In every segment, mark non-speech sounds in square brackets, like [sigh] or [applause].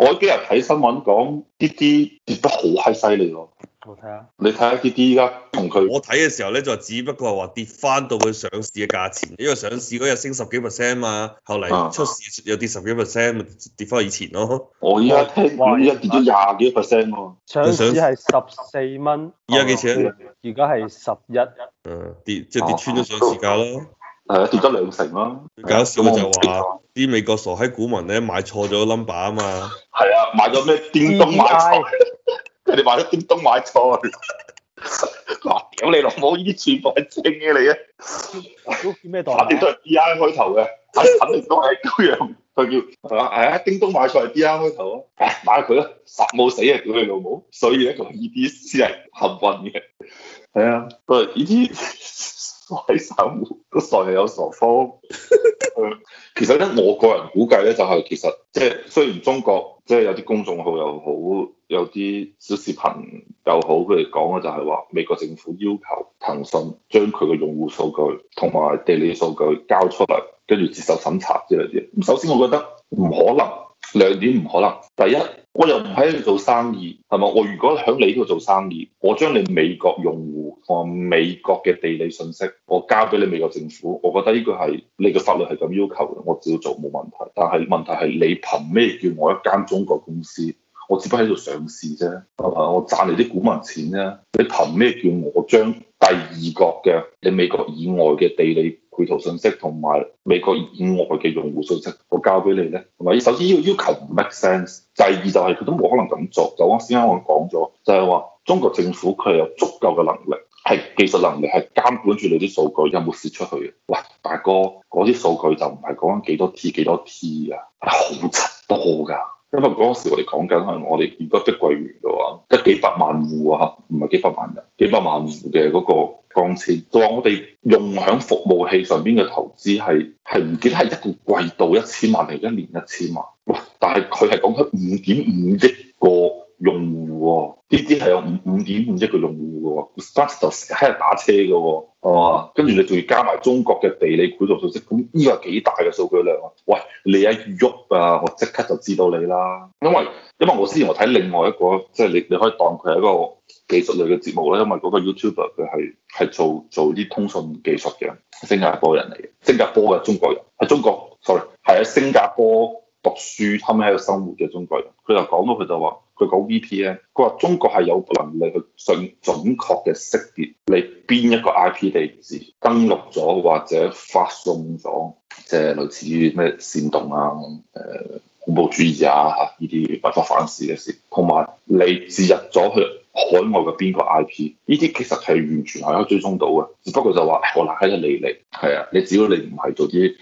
我幾日睇新聞講滴滴跌得好閪犀利喎，Okay. 看看我睇下，你睇下滴滴依家同佢，我睇嘅時候咧就只不過話跌翻到佢上市嘅價錢，因為上市嗰日升十幾 percent 嘛、啊，後嚟出市又跌十幾 percent，跌翻以前咯。我依家聽話依家跌咗廿幾 percent，上市係十四蚊，依家幾錢？而家係十一，哦、嗯，跌即係跌，跌穿咗上市價咯。 [laughs] 係啊，跌咗兩成咯。搞笑就係話啲美國傻閪股民咧買錯咗 number 啊嘛。係 [laughs] 啊，買咗咩？叮咚買菜，人 [laughs] 哋買咗叮咚買菜。我話屌你老母，呢啲全部係正嘅你啊！嗰咩代碼？啲都係 D R 開頭嘅， [laughs] 肯定都係一樣。佢叫係啊，啊，叮咚買菜係 D R 開頭啊，買佢啊，實冇死啊！屌你老母，所以咧佢依啲先係幸運嘅。係啊，對依啲。快手都成日有傻科。其實咧，我個人估計咧，就係、是、其實即係雖然中國即係有啲公眾號又好，有啲小視頻又好，佢哋講嘅就係話美國政府要求騰訊將佢嘅用戶數據同埋地理數據交出嚟，跟住接受審查之類啲。首先我覺得唔可能，兩點唔可能。第一我又唔喺度做生意，係嘛？我如果喺你度做生意，我將你美國用戶同美國嘅地理信息，我交俾你美國政府。我覺得呢個係你嘅法律係咁要求嘅，我照做冇問題。但係問題係你憑咩叫我一間中國公司？我只不過喺度上市啫，係嘛？我賺你啲股民錢啫。你憑咩叫我將第二國嘅你美國以外嘅地理配圖信息同埋美國以外嘅用戶信息，我交俾你咧，同埋首先呢個要求唔 make sense，第二就係佢都冇可能咁做。就啱先啱我講咗，就係話中國政府佢係有足夠嘅能力，係技術能力係監管住你啲數據有冇泄出去嘅。喂，大哥，嗰啲數據就唔係講緊幾多 T 幾多 T 啊，好七多㗎。因為嗰時我哋講緊係，我哋如果碧桂園嘅話，得幾百萬戶啊，唔係幾百萬人，幾百萬戶嘅嗰個光纖，就話我哋用響服務器上邊嘅投資係係唔記得係一個季度一千萬定一年一千萬，喂！但係佢係講緊五點五億個。用戶喎，呢啲係有五五點五億個用戶嘅喎，Uber 就成日喺度打車嘅喎，係嘛？跟住你仲要加埋中國嘅地理軌道信息，咁呢個係幾大嘅數據量啊？喂，你一喐啊，我即刻就知道你啦。因為因為我之前我睇另外一個，即係你你可以當佢係一個技術類嘅節目咧，因為嗰個 YouTuber 佢係係做做啲通訊技術嘅，新加坡人嚟嘅，新加坡嘅中國人喺中國，sorry，係喺新加坡讀書，後尾喺度生活嘅中國人，佢就講到佢就話。佢講 VPN，佢話中國係有能力去準準確嘅識別你邊一個 IP 地址登錄咗或者發送咗，即係類似咩煽動啊、誒、呃、恐怖主義啊呢啲違法犯事嘅事，同埋你自入咗去海外嘅邊個 IP，呢啲其實係完全係可以追蹤到嘅，只不過就話我懶得理你嚟，係啊，你只要你唔係做啲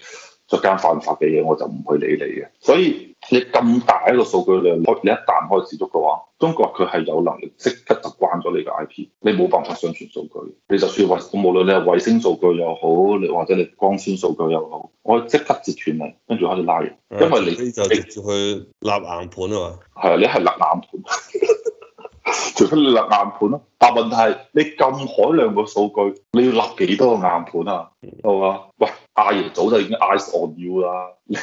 作奸犯法嘅嘢，我就唔去理你嘅，所以。你咁大一個數據量，你一旦開始郁嘅話，中國佢係有能力即刻習慣咗你嘅 IP，你冇辦法上傳數據，你就算要話無論你係衛星數據又好，你或者你光纖數據又好，我即刻截斷你，跟住開始拉人，因為你就直接去立硬盤啊嘛，係啊，你係立，立硬盤。除非你立硬盤咯，啊，但問題係你咁海量個數據，你要立幾多個硬盤啊？係嘛？喂，阿爺早就已經 eyes on you 啦，你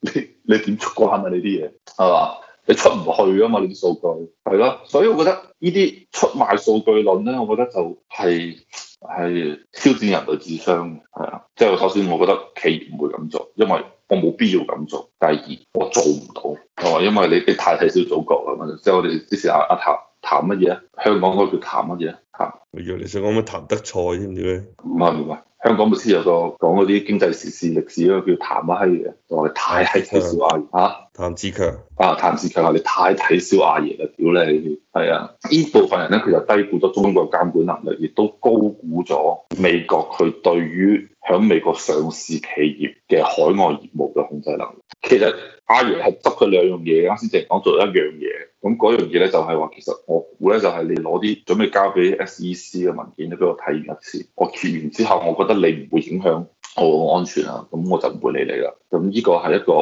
你你點出關啊？你啲嘢，係嘛？你出唔去啊嘛？你啲數據係咯，所以我覺得呢啲出賣數據論咧，我覺得就係係挑戰人類智商係啊。即係、就是、首先，我覺得企業唔會咁做，因為我冇必要咁做。第二，我做唔到，係嘛？因為你，你太睇小祖國啦嘛，即係、就是、我哋支持阿阿塔。談乜嘢香港嗰個叫談乜嘢啊？我以為你想講乜？譚德塞知唔知咩？唔係唔係，香港咪先有個講嗰啲經濟時事歷史咧，叫談乜嘢嘅，我話你太睇小阿爺吓。譚志強啊，譚志強啊，你太睇小阿爺啦！屌你，係啊，呢部分人咧，佢就低估咗中國嘅監管能力，亦都高估咗美國佢對於喺美國上市企業嘅海外業務嘅控制能力。其實阿爺係執咗兩樣嘢，啱先淨係講做一樣嘢。咁嗰樣嘢咧就係話，其實我估咧就係你攞啲準備交俾 SEC 嘅文件，你俾我睇完一次，我揭完之後，我覺得你唔會影響我嘅安全啦，咁我就唔會理你啦。咁呢個係一個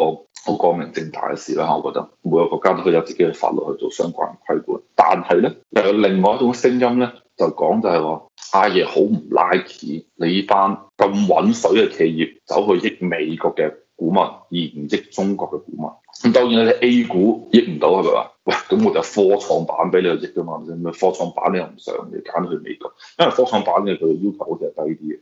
好光明正大嘅事啦，我覺得每個國家都都有自己嘅法律去做相關規管。但係咧又有另外一種聲音咧，就講就係話阿爺好唔 like 你呢班咁揾水嘅企業走去益美國嘅。股民而唔益中國嘅股民，咁當然咧 A 股益唔到係咪啊？喂，咁我就科創板俾你去益㗎嘛，唔係咩？科創板你又唔想你揀去美國，因為科創板嘅佢要求好似係低啲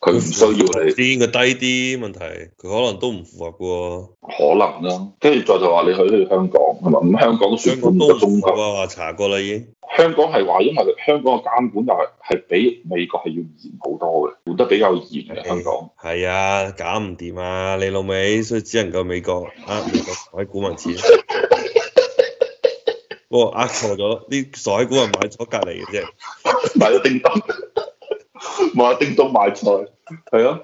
佢唔需要你。邊個、嗯、低啲問題？佢可能都唔符合嘅喎。可能啦、啊，跟住再就話你去你去，你去香港係咪？咁香港都算唔係中國。香港都唔查啊！話、嗯、查過啦已經。香港係話，因為香港嘅監管就係比美國係要嚴好多嘅，管得比較嚴嘅香港。係啊，搞唔掂啊，你老味，所以只能夠美國壓、啊、美國傻鬼股民錢。哇、 [laughs] 哦，壓錯咗，啲傻鬼股民買咗隔離嘅啫，買咗叮當，買咗叮當買菜，係啊。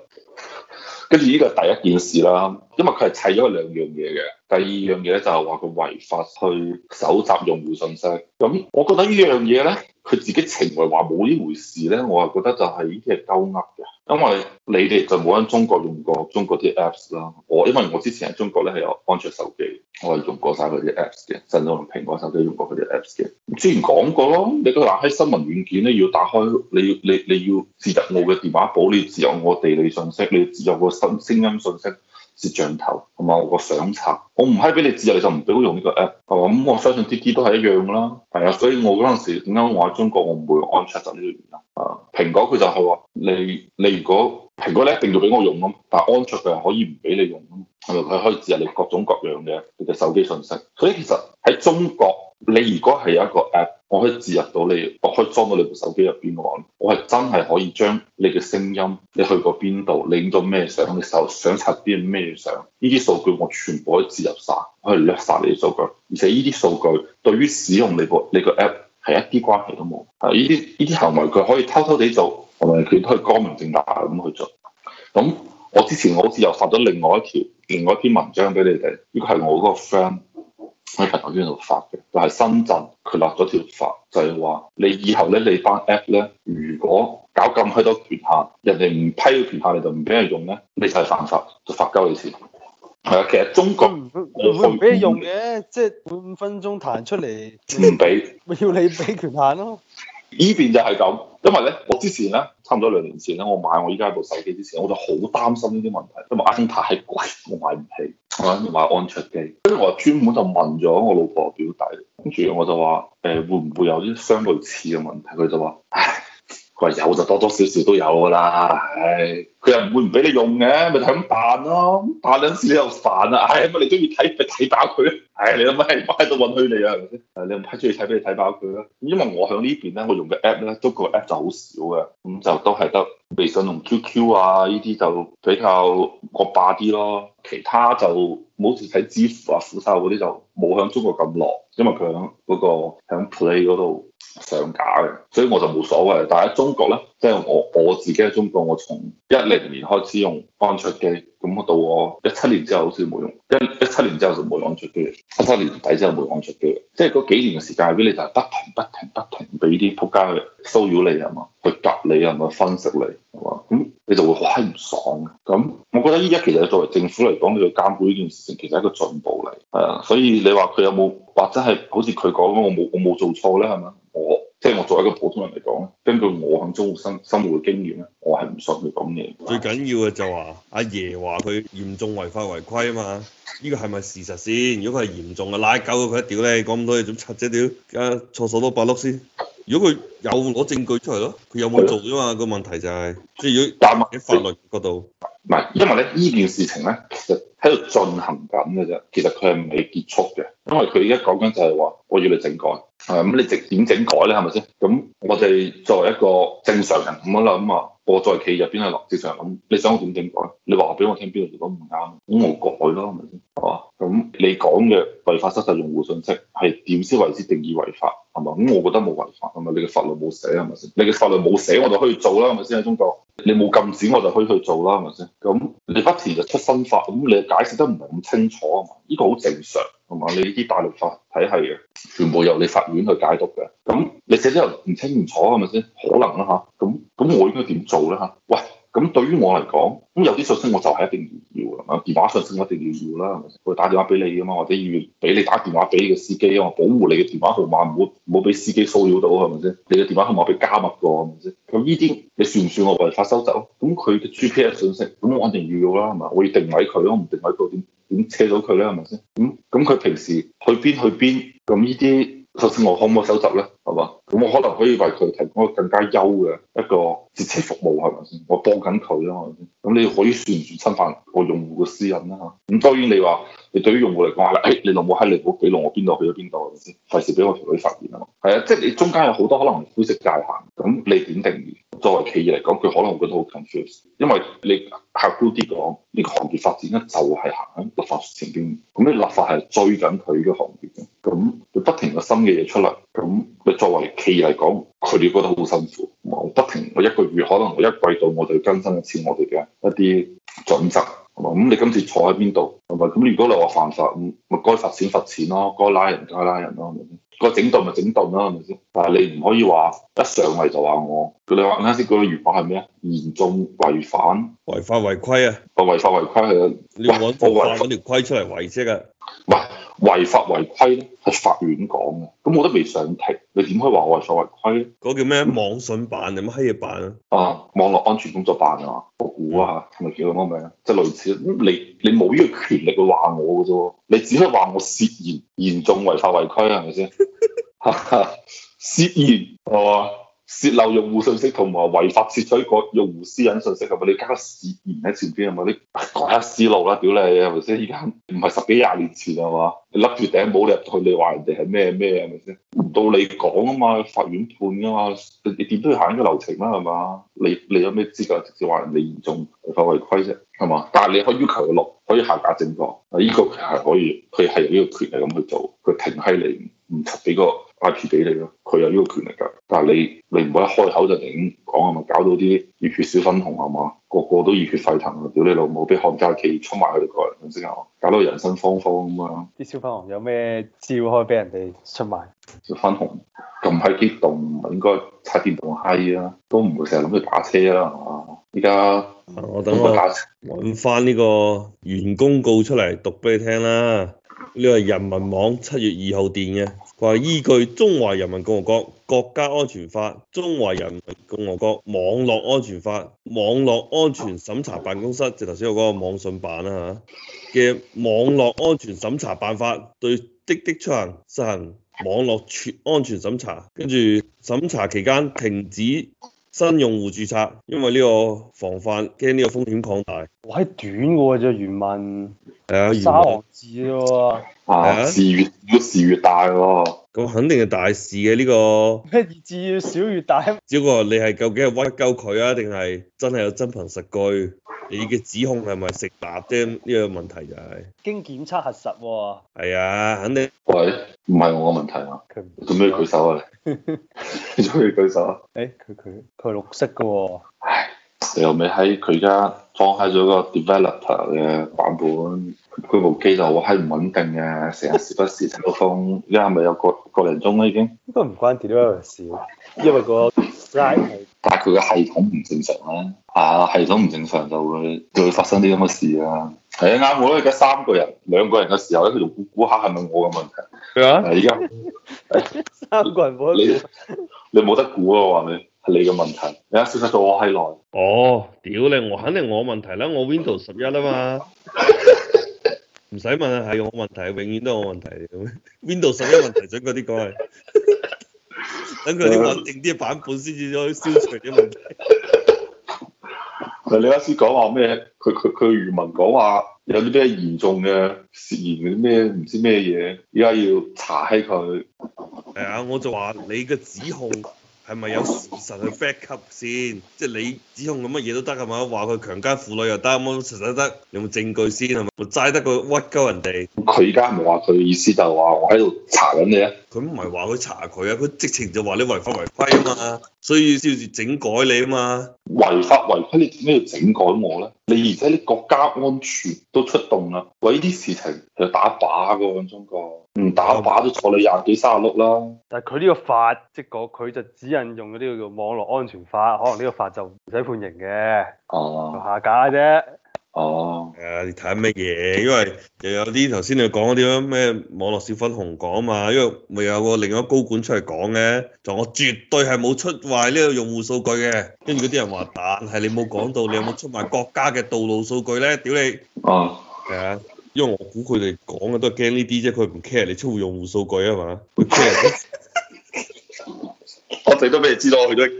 跟住呢個第一件事啦，因為佢係砌咗兩樣嘢嘅。第二樣嘢咧就係話佢違法去搜集用戶信息，咁我覺得呢樣嘢咧，佢自己情為話冇呢回事咧，我係覺得就係呢啲係鳩噏嘅，因為你哋就冇喺中國用過中國啲 Apps 啦，我因為我之前喺中國咧係有安卓手機，我係用過晒佢啲 Apps 嘅，甚至我用蘋果手機用過佢啲 Apps 嘅，之前講過咯，你都話喺新聞軟件咧要打開，你要你你要接入我嘅電話簿，你要接入我，入我地理信息，你要接入個聲聲音信息。攝像頭同埋我個相冊，我唔係俾你自由，你就唔俾我用呢個 app 係咁、嗯、我相信啲啲都係一樣㗎啦，係啊，所以我嗰陣時點解我喺中國我唔會用安卓就呢個原因。啊，蘋果佢就係話你你如果蘋果你一定要俾我用咁，但係安卓佢係可以唔俾你用㗎嘛？係咪佢可以自由你各種各樣嘅你嘅手機信息？所以其實喺中國你如果係有一個 app。我可以植入到你，我可以裝到你部手機入邊嘅話，我係真係可以將你嘅聲音、你去過邊度、影到咩相、嘅時候，想查啲咩相，呢啲數據我全部可以植入晒，可以掠殺你嘅數據。而且呢啲數據對於使用你部你個 app 係一啲關係都冇。啊，呢啲呢啲行為佢可以偷偷地做，同埋佢都可以光明正大咁去做。咁我之前我好似又發咗另外一條另外一篇文章俾你哋，呢個係我嗰個 friend。喺朋友圈度發嘅，但係深圳佢立咗條法，就係話你以後咧你班 app 咧，如果搞咁多權限，人哋唔批個權限你就唔俾人用咧，你就係犯法，就罰鳩你錢。係啊，其實中國唔唔會俾用嘅，即係每五分鐘彈出嚟。唔俾，咪要你俾權限咯。呢邊就係咁，因為咧，我之前咧，差唔多兩年前咧，我買我依家部手機之前，我就好擔心呢啲問題，因為 iPhone 太貴，我買唔起，啊，唔買安卓機，跟住我專門就問咗我老婆表弟，跟住我就話，誒、呃，會唔會有啲相類似嘅問題？佢就話，唉。佢話有就多多少少都有噶啦，唉，佢又唔會唔俾你用嘅，咪就咁扮咯，扮嗰陣時你又煩啊，係啊，你中意睇咪睇飽佢咯，係你諗下喺度搵佢哋啊，係咪先？啊，你咪中意睇俾你睇飽佢咯，因為我響呢邊咧，我用嘅 app 咧，都個 app 就好少嘅，咁就都係得微信同 QQ 啊，呢啲就比較惡霸啲咯，其他就冇似睇支付啊、虎收嗰啲就冇響中國咁落，因為佢響嗰個響 Play 嗰度。上架嘅，所以我就冇所謂。但喺中國咧，即係我我自己喺中國，我從一零年開始用安卓機。咁啊到我一七年之後好似冇用，一一七年之後就冇安卓機，一七年底之後冇安卓機，即係嗰幾年嘅時間，佢你就係、是、不停不停不停俾啲仆街騷擾你啊嘛，去隔你啊嘛，分析你係嘛，咁你就會好唔爽。咁我覺得依家其實作為政府嚟講，你要監管呢件事情其實係一個進步嚟，係啊。所以你話佢有冇或者係好似佢講咁，我冇我冇做錯咧係嘛？即係我作為一個普通人嚟講，根據我肯租生生活嘅經驗咧，我係唔信佢講嘢最緊要嘅就話，阿爺話佢嚴重違法違規啊嘛，呢個係咪事實先？如果佢係嚴重嘅，拉鳩佢一屌咧，講咁多嘢做七隻屌，而家錯數都八碌先。如果佢有攞證據出嚟咯，佢有冇做啫嘛？個的問題就係、是，即係如果喺法律嗰度。唔因為咧依件事情咧，其實喺度進行緊嘅啫，其實佢係未結束嘅，因為佢而家講緊就係話我要你整改，係、嗯、咁你直點整改咧，係咪先？咁、嗯、我哋作為一個正常人咁樣諗，咁啊，我作為企業入邊係常識上咁，你想我點整改？你話俾我聽邊度如果唔啱，咁我改咯，係咪先？係、嗯、嘛？咁你講嘅違法收集用戶信息係點先為之定義違法？咁我覺得冇違法，係嘛？你嘅法律冇寫係咪先？你嘅法律冇寫，我就可以做啦，係咪先？喺中國，你冇禁止，我就可以去做啦，係咪先？咁你不時就出新法，咁你解釋得唔係咁清楚啊？嘛，呢個好正常，係嘛？你呢啲大陸法體系啊，全部由你法院去解讀嘅。咁你寫之後唔清唔楚，係咪先？可能啦嚇。咁咁我應該點做咧嚇？喂！咁對於我嚟講，咁有啲信息我就係一定要要啊，電話信息我一定要要啦，佢打電話俾你啊嘛，或者要俾你打電話俾個司機啊嘛，保護你嘅電話號碼唔好唔好俾司機騷擾到，係咪先？你嘅電話號碼俾加密過，係咪先？咁呢啲你算唔算我違法收集？咁佢嘅 GPS 信息，咁我肯定要要啦，係咪？我要定位佢，我唔定位佢，點點車到佢咧，係咪先？咁咁佢平時去邊去邊，咁呢啲信息我可唔可以收集咧？係嘛？咁我可能可以為佢提供更加優嘅一個節節服務，係咪先？我幫緊佢係咪先？咁你可以算唔算侵犯我用戶嘅私隱啦？咁當然你話，你對於用戶嚟講啦，誒、哎、你老母喺你唔好記錄我邊度去咗邊度，係咪先？費事俾我條女發現啊嘛。係啊，即係你中間有好多可能灰色界限，咁你點定義？作為企業嚟講，佢可能會覺得好 confused，因為你客觀啲講，呢個行業發展咧就係行喺立法前邊，咁你立法係追緊佢嘅行業嘅，咁佢不停有新嘅嘢出嚟。咁咪作為企業嚟講，佢哋覺得好辛苦，不停。我一個月可能我一季度我就要更新一次我哋嘅一啲準則，咁。你今次坐喺邊度，同埋咁。如果你話犯法，唔咪該罰錢罰錢咯、啊，那個、該拉人該拉人咯，係咪先？整頓咪整頓咯，係咪先？但係你唔可以話一上嚟就話我。佢哋話啱先嗰個原話係咩啊？嚴重違反違法違規啊！個違法違規係要我發嗰條規出嚟違先啊！喂。違法違規咧係法院講嘅，咁我都未上庭，你點可以話我違法違規咧？嗰個叫咩網信辦定乜閪嘢辦啊？啊、嗯，網絡安全工作辦啊，我估下係、嗯、叫咁樣名，即係類似。你你冇呢個權力去話我嘅啫，你只可以話我涉嫌嚴重違法違規，係咪先？ [laughs] [laughs] 涉嫌係嘛？泄漏用戶信息同埋違法竊取個用戶私隱信息，係咪你加個涉嫌喺前邊？係咪你改下思路啦？屌你係咪先？依家唔係十幾廿年前係嘛？你笠住頂帽你入去，你話人哋係咩咩係咪先？唔到你講啊嘛，法院判啊嘛，你點都要行個流程啦係嘛？你你有咩資格直接話人哋嚴重違法違規啫係嘛？但係你可以要求佢錄，可以下架證據。依、這個其實係可以，佢係有呢個權利咁去做，佢停喺你唔及俾、那個。I P 俾你咯，佢有呢個權力㗎，但係你你唔好一開口就亂講啊嘛，搞到啲熱血小粉紅啊嘛，個個都熱血沸騰，屌你老母俾韓家企業出賣咗佢，唔識嚇，搞到人心慌慌咁啊！啲小粉紅有咩招可以俾人哋出賣？小粉紅咁係激動，唔應該踩電動嗨啦、啊，都唔會成日諗住打車啦嚇，依家我等我打揾翻呢個員工告出嚟讀俾你聽啦。你係人民網七月二號電嘅，佢話依據《中華人民共和國國家安全法》、《中華人民共和國網絡安全法》、《網絡安全審查辦公室》即頭先我嗰個網信辦啦嚇嘅《網絡安全審查辦法》，對滴滴出行實行網絡安全審查，跟住審查期間停止.新用戶註冊，因為呢個防範驚呢個風險擴大。我喺短嘅啫，原文。係啊，沙字啫越小越大喎。咁肯定係大事嘅呢、這個。字越小越大？只不過你係究竟係屈鳩佢啊，定係真係有真憑實據？你嘅指控係咪成立啫、啊？呢、這個問題就係、是。經檢測核實、哦。係啊，肯定。喂，唔係我嘅問題啊。做咩舉手啊？你中意舉手？誒，佢佢佢係綠色㗎喎、哦。唉、哎，又未喺佢而家放喺咗個 developer 嘅版本，佢部機就喺唔穩定嘅，成日時，時不時抽風，家下咪有個個零鐘啦已經。應該唔關 developer 事，因為個但係佢個系統唔正常咧、啊，係啊，系統唔正常就會就會發生啲咁嘅事啊。係啊，啱好啊，而家三個人兩個人嘅時候咧，佢就估估下係咪我嘅問題。咩啊嗎？而家在 [laughs] 三個人冇得你，你冇得估啊！話你係你嘅問題。你家識得到我係內。哦，屌你！我肯定我問題啦，我 Windows 十一啊嘛。唔使 [laughs] 問啊，係我問題，永遠都係我問題。Windows 十一問題，等佢啲過去。等佢哋穩定啲版本先至可以消除啲問題。你啱先講話咩？佢佢佢漁民講話有啲咩嚴重嘅涉嫌啲咩唔知咩嘢，依家要查起佢。係啊，我就話你嘅指控。係咪有事實去 back up 先？即係你指控佢乜嘢都得啊嘛？話佢強姦婦女又得，咁實實得，有冇證據先係嘛？咪齋得佢屈鳩人哋。佢而家唔係話佢意思就係話我喺度查緊你啊？佢唔係話佢查佢啊，佢直情就話你違法違規啊嘛，所以先至整改你啊嘛。違法違規，你做咩要整改我咧？你而且啲國家安全都出動啦，喂呢啲事情就打靶噶喎，中國唔打靶都坐你廿幾卅碌啦。但係佢呢個法即係講，佢就只引用咗呢個叫網絡安全法，可能呢個法就唔使判刑嘅，哦、啊、下架啫。哦，係啊，你睇乜嘢？因為又有啲頭先你講嗰啲咩網絡小粉紅講啊嘛，因為咪有個另一個高管出嚟講嘅，就我絕對係冇出賣呢個用戶數據嘅，跟住嗰啲人話，但係你冇講到，你有冇出賣國家嘅道路數據咧？屌你！哦，係啊，因為我估佢哋講嘅都係驚呢啲啫，佢唔 care 你出用戶數據啊嘛，佢 care， [laughs] [laughs] [laughs] 我哋都俾人知道我去咗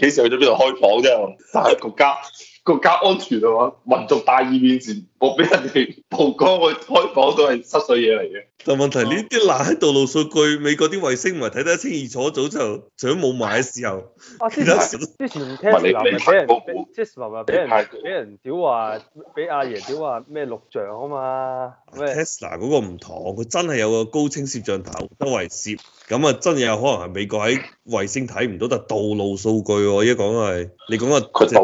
幾時去咗邊度開房啫，但係國家。國家安全嘅話，民族大義面前，我俾人哋曝光，去開放都係濕碎嘢嚟嘅。但問題呢啲爛喺道路數據，美國啲衛星唔係睇得一清二楚，楚，楚，早就除咗霧霾嘅時候。啊，之前 Tesla 俾人俾 Tesla 人屌話，俾阿爺屌話咩錄像啊嘛？Tesla 嗰個唔同，佢真係有個高清攝像頭周圍攝，咁啊真有可能係美國喺衛星睇唔到，但道路數據，依家講係你講個道。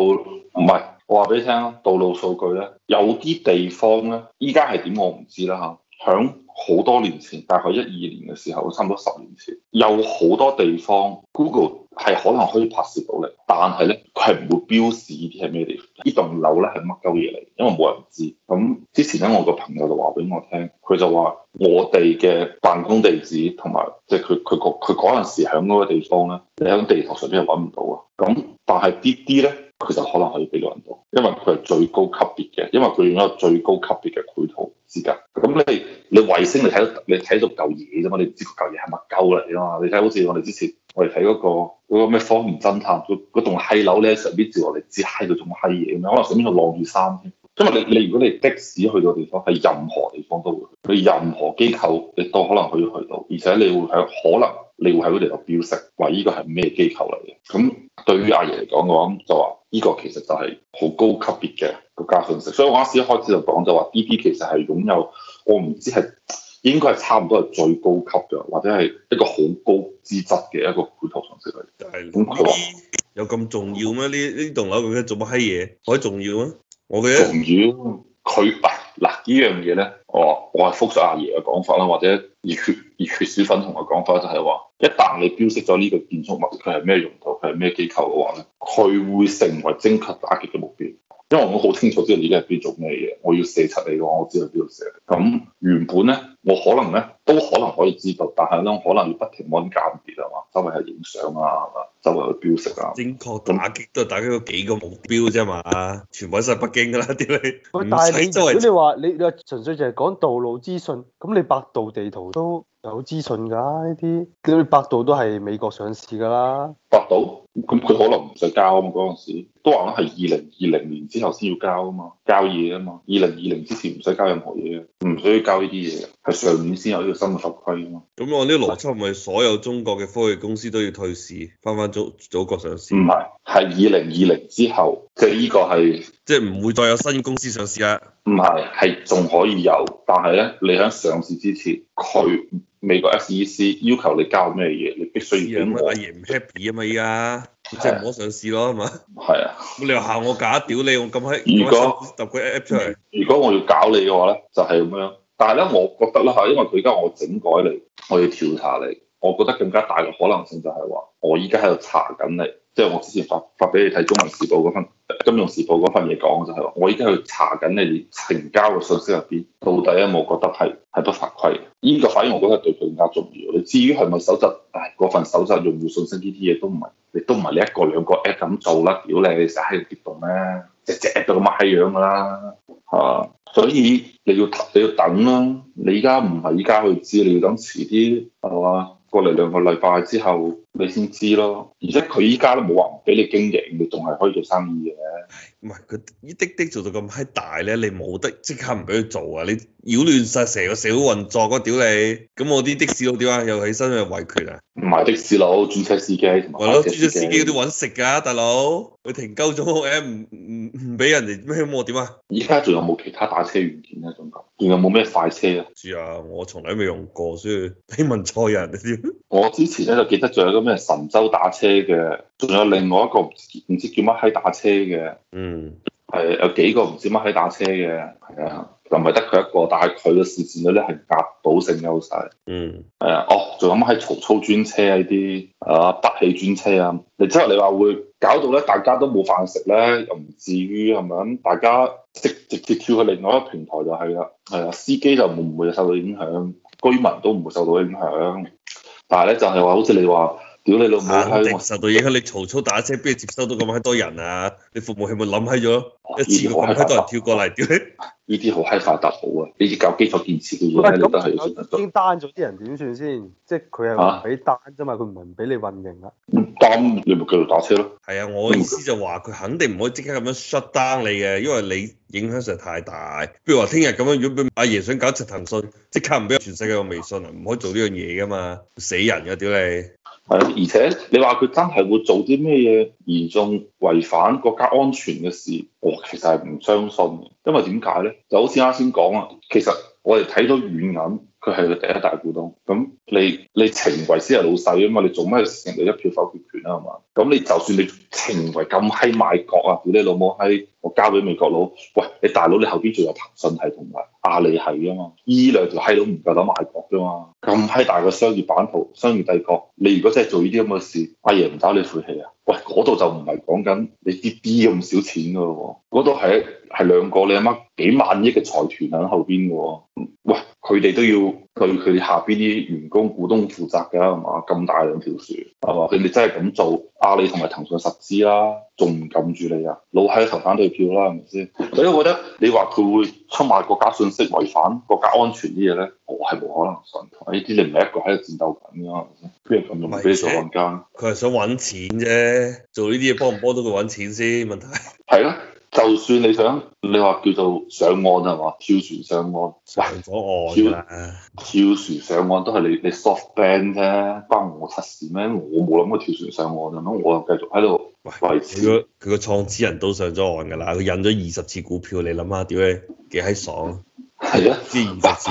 唔係，我話俾你聽啊，道路數據咧，有啲地方咧，依家係點我唔知啦吓、啊。響好多年前，大概一二年嘅時候，差唔多十年前，有好多地方 Google 係可能可以拍攝到你，但係咧，佢係唔會標示呢啲係咩地方，呢棟樓咧係乜鳩嘢嚟，因為冇人知。咁之前咧，我個朋友就話俾我聽，佢就話我哋嘅辦公地址同埋，即係佢佢個佢嗰陣時響嗰個地方咧，你喺地圖上邊揾唔到啊。咁但係啲啲咧。佢就可能可以俾到人多，因為佢係最高級別嘅，因為佢用一個最高級別嘅配套資格。咁你你衛星你睇，你睇到舊嘢啫嘛，你唔知個舊嘢係咪舊嚟啫嘛。你睇好似我哋之前我哋睇嗰個、嗰個咩方面偵探，嗰嗰棟閪樓咧上邊接落嚟，只閪仲閪嘢咩？可能上邊度晾住衫添。因為你你如果你的，的士去到地方，喺任何地方都會去，你任何機構你都可能可以去到，而且你會響可能。你會喺嗰度有標識，話呢個係咩機構嚟嘅？咁對於阿爺嚟講嘅話，就話呢個其實就係好高級別嘅國家信息。所以我啱先一開始就講就話，B B 其實係擁有，我唔知係應該係差唔多係最高級嘅，或者係一個好高資質嘅一個配套形式嚟。但咁佢話有咁重要咩？呢呢棟樓佢做乜閪嘢？我啲重要啊！我嘅重要佢嗱呢樣嘢咧，我我係覆咗阿爺嘅講法啦，或者熱血熱血粉紅嘅講法就係話。一旦你標識咗呢個建築物，佢係咩用途，佢係咩機構嘅話咧，佢會成為精確打擊嘅目標。因為我好清楚知道你而家係邊做咩嘢，我要射出嚟嘅話，我知道邊度射。咁原本咧，我可能咧都可能可以知道，但係咧可能要不停温鑑別係嘛，周圍去影相啊，周圍去標識啊，精確打擊都係打擊個幾個目標啫嘛，全部都係北京噶啦啲你。但係是如果你話你你純粹就係講道路資訊，咁你百度地圖都有資訊噶呢啲，你百度都係美國上市噶啦。百度咁佢可能唔想交咁嗰陣時。都話係二零二零年之後先要交啊嘛，交嘢啊嘛。二零二零之前唔使交任何嘢，唔需要交呢啲嘢嘅，係上年先有呢個新規嘛。咁我呢邏輯，唔係所有中國嘅科技公司都要退市，翻翻祖祖國上市？唔係，係二零二零之後，即係呢個係即係唔會再有新公司上市啦，啊。唔係，係仲可以有，但係咧，你喺上市之前，佢美國 SEC 要求你交咩嘢，你必須要俾我。阿爺唔 happy 啊嘛依家。即係唔好上市咯，係咪？係、 [music] 就是、啊，咁 [laughs] 你又吓我假屌你，我咁閪如果揼個 A P P 出嚟，如果我要搞你嘅話咧，就係咁樣。但係咧，我覺得咧吓，因為佢而家我整改你，我要調查你，我覺得更加大嘅可能性就係話，我依家喺度查緊你。即係我之前發發俾你睇《中文時報》嗰份《金融時報》嗰份嘢講就係話，我依家去查緊你哋成交嘅信息入邊，到底有冇我覺得係係不法規。呢個反而我覺得對佢更加重要。你至於係咪收集，唉，嗰份收集、用戶信息呢啲嘢都唔係，你都唔係你一個兩個 app 咁做啦。屌你，你成日喺度跌動咧，隻隻 app 都咁樣噶啦，係嘛？所以你要你要等啦。你而家唔係依家去知，你要等遲啲係嘛？過嚟兩個禮拜之後。你先知咯，而且佢依家都冇話唔俾你經營，你仲係可以做生意嘅。唔係佢滴滴做到咁閪大咧，你冇得即刻唔俾佢做啊！你擾亂晒成個社會運作，我、那個、屌你！咁我啲的、的士佬點啊？又起身去維權啊？唔係的士佬，專車、車司機。係咯，專車司機嗰啲揾食㗎，大佬佢停鳩咗，誒唔唔唔俾人哋咩麼點啊？依家仲有冇其他打車軟件啊？仲有冇咩快車啊？知啊，我從來未用過，所以你問錯人先。 [laughs] 我之前咧就記得咗。咩神州打車嘅，仲有另外一個唔知叫乜喺打車嘅，嗯，係有幾個唔知乜喺打車嘅，係啊，又唔係得佢一個，但係佢嘅視線咧係壓倒性優勢，嗯，係啊，哦，仲有乜喺曹操專車呢啲啊，北汽專車啊，你即係你話會搞到咧，大家都冇飯食咧，又唔至於係咪咁？大家直直接跳去另外一個平台就係啦，係啊，司機就唔會受到影響，居民都唔會受到影響，但係咧就係話好似你話。屌你老母、啊！受到影響。嗯、你曹操打車邊度接收到咁閪多人啊？你服務器咪諗起咗？一次過咁多人跳過嚟，屌你、啊！呢啲好係發，發達好啊！你搞基礎建設，佢覺得係順德都已經單咗啲人點算先？即係佢係俾單啫嘛，佢唔係唔俾你運營啦。唔單，你咪繼續打車咯。係啊，我意思就話佢肯定唔可以即刻咁樣 shut down 你嘅，因為你影響實在太大。譬如話聽日咁樣，如果阿爺想搞直騰訊，即刻唔俾全世界用微信啊，唔可以做呢樣嘢噶嘛，死人嘅屌你！而且你話佢真係會做啲咩嘢嚴重違反國家安全嘅事，我其實係唔相信。因為點解呢？就好似啱先講啦，其實我哋睇到軟銀佢係佢第一大股東，咁你你成為私人老細啊嘛，你做咩成為你成一票否決權啊嘛。咁你就算你成為咁閪賣國啊，屌你老母閪，我交俾美國佬。喂，你大佬你後邊仲有騰訊喺度。阿里係啊嘛，呢兩條閪佬唔夠膽賣國啫嘛，咁閪大個商業版圖、商業帝國，你如果真係做呢啲咁嘅事，阿爺唔打你晦氣啊！喂，嗰度就唔係講緊你啲啲咁少錢咯喎，啊，嗰度係係兩個你阿媽幾萬億嘅財團喺後邊嘅喎，喂，佢哋都要。對佢下邊啲員工股東負責嘅係嘛？咁大兩條船，係嘛？佢哋真係咁做，阿里同埋騰訊實施啦，仲唔撳住你啊？老喺投反對票啦，係咪先？所以我覺得你話佢會出賣國家信息違、違反國家安全啲嘢咧，我係冇可能信。呢啲你唔係一個喺度戰鬥緊嘅，邊個同佢唔俾做漢奸？佢係是想搵錢啫，做呢啲嘢幫唔幫到佢搵錢先？問題係咯。就算你想，你話叫做上岸係嘛？跳船上岸，上咗岸了跳，跳船上岸都係你你 Softbank 啫，關我柒事咩？我冇諗過跳船上岸啊！咁我又繼續喺度維持。佢個佢個創始人都上咗岸㗎啦，佢引咗二十次股票，你諗下點咧？幾閪爽 [laughs] 啊！係啊，二十次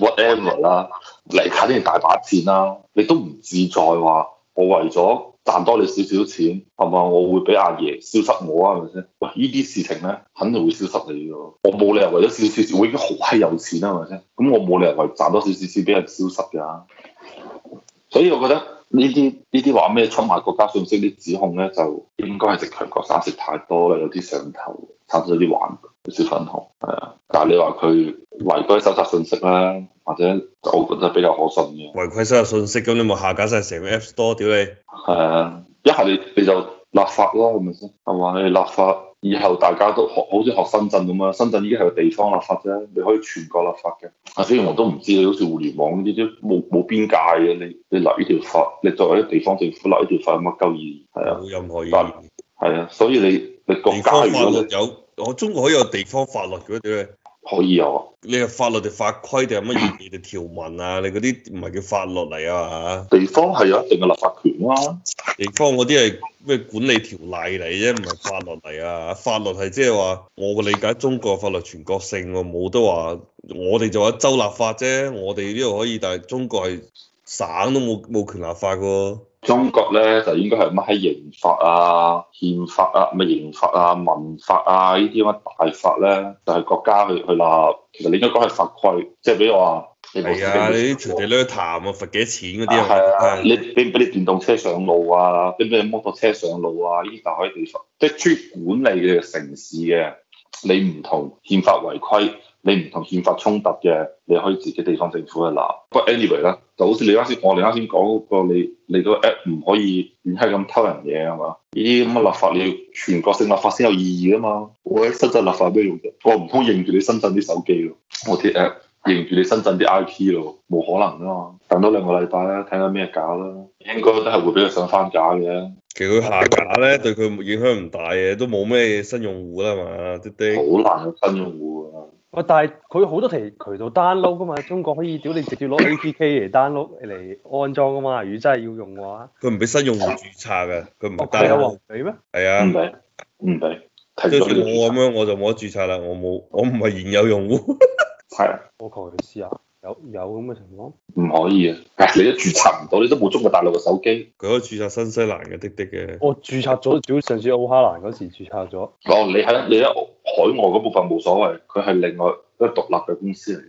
whatever 啦，嚟睇啲大把錢啦，你都唔自在話我為咗。賺多你少少錢，係嘛？我會俾阿爺消失我啊，係咪先？喂，呢啲事情咧，肯定會消失你嘅咯。我冇理由為咗少少錢，我已經好閪有錢啊，係咪先？咁我冇理由為賺多少少錢俾人消失㗎。所以，我覺得呢啲呢啲話咩侵犯國家信息啲指控咧，就應該係直強國撒食太多啦，有啲上頭產生咗啲幻少少粉紅，係啊。但係你話佢。違規搜集信息啦，或者我覺得比較可信嘅。違規搜集信息，咁你咪下架晒成個 App Store 屌你！係啊，一係你你就立法咯，係咪先？係嘛，你立法以後大家都學，好似學深圳咁啊。深圳已經係個地方立法啫，你可以全國立法嘅。啊，雖然我都唔知，你好似互聯網呢啲冇冇邊界嘅，啊。你你立呢條法，你作為啲地方政府立呢條法，乜鳩意義？係啊，冇任何意義。係啊，所以你你國家如果有，我中國可以有地方法律嗰屌咧。可以有啊，你係法律定法規定乜嘢你哋條文啊？你嗰啲唔係叫法律嚟啊嘛？地方係有一定嘅立法權啊。地方嗰啲係咩管理條例嚟啫，唔係法律嚟啊！法律係即係話我嘅理解，中國法律全國性，冇得話我哋就話州立法啫。我哋呢度可以，但係中國係省都冇冇權立法嘅啊。中國咧就應該係乜喺刑法啊、憲法啊、乜刑法啊、民法啊呢啲咁嘅大法咧，就係、是、國家去去立法。其實你應該講係法規，即、就、係、是、比如話，係、哎、呀我啊，你隨地痰啊，罰幾多錢嗰啲啊，你你俾你電動車上路啊，俾唔俾你摩托車上路啊，呢啲就喺啲即係專管理嘅城市嘅，你唔同憲法違規。你唔同建法衝突嘅，你可以自己地方政府去攬。不過 anyway 咧，就好似你啱先，我哋啱先講嗰你，你個 app 唔可以亂閪咁偷人嘢係嘛？呢啲咁嘅立法你要全國性立法先有意義啊嘛。我喺深圳立法都用啫？我唔通認住你深圳啲手機咯，我啲 app 認住你深圳啲 I P 咯，冇可能啊嘛。等多兩個禮拜啦，睇下咩假啦。應該都係會俾佢上翻架嘅。其實佢下架咧對佢影響唔大嘅，都冇咩新用戶啦嘛啲啲。好難有新用戶啊！喂，但係佢好多條渠道 download 噶嘛，中國可以屌你直接攞 A P K 嚟 download 嚟安裝噶嘛，如果真係要用嘅話。佢唔俾新用戶註冊嘅，佢唔俾。係有話費咩？係啊，唔俾，唔俾，即係我咁樣我就冇得註冊啦，我冇，我唔係現有用戶。係啊。我求你試下，有有咁嘅情況？唔可以啊，你都註冊唔到，你都冇中國大陸嘅手機。佢可以註冊新西蘭嘅滴滴嘅。我註冊咗，上次奧克蘭嗰時註冊咗。哦，你喺你喺。海外嗰部分無所謂，佢係另外一個獨立嘅公司嚟。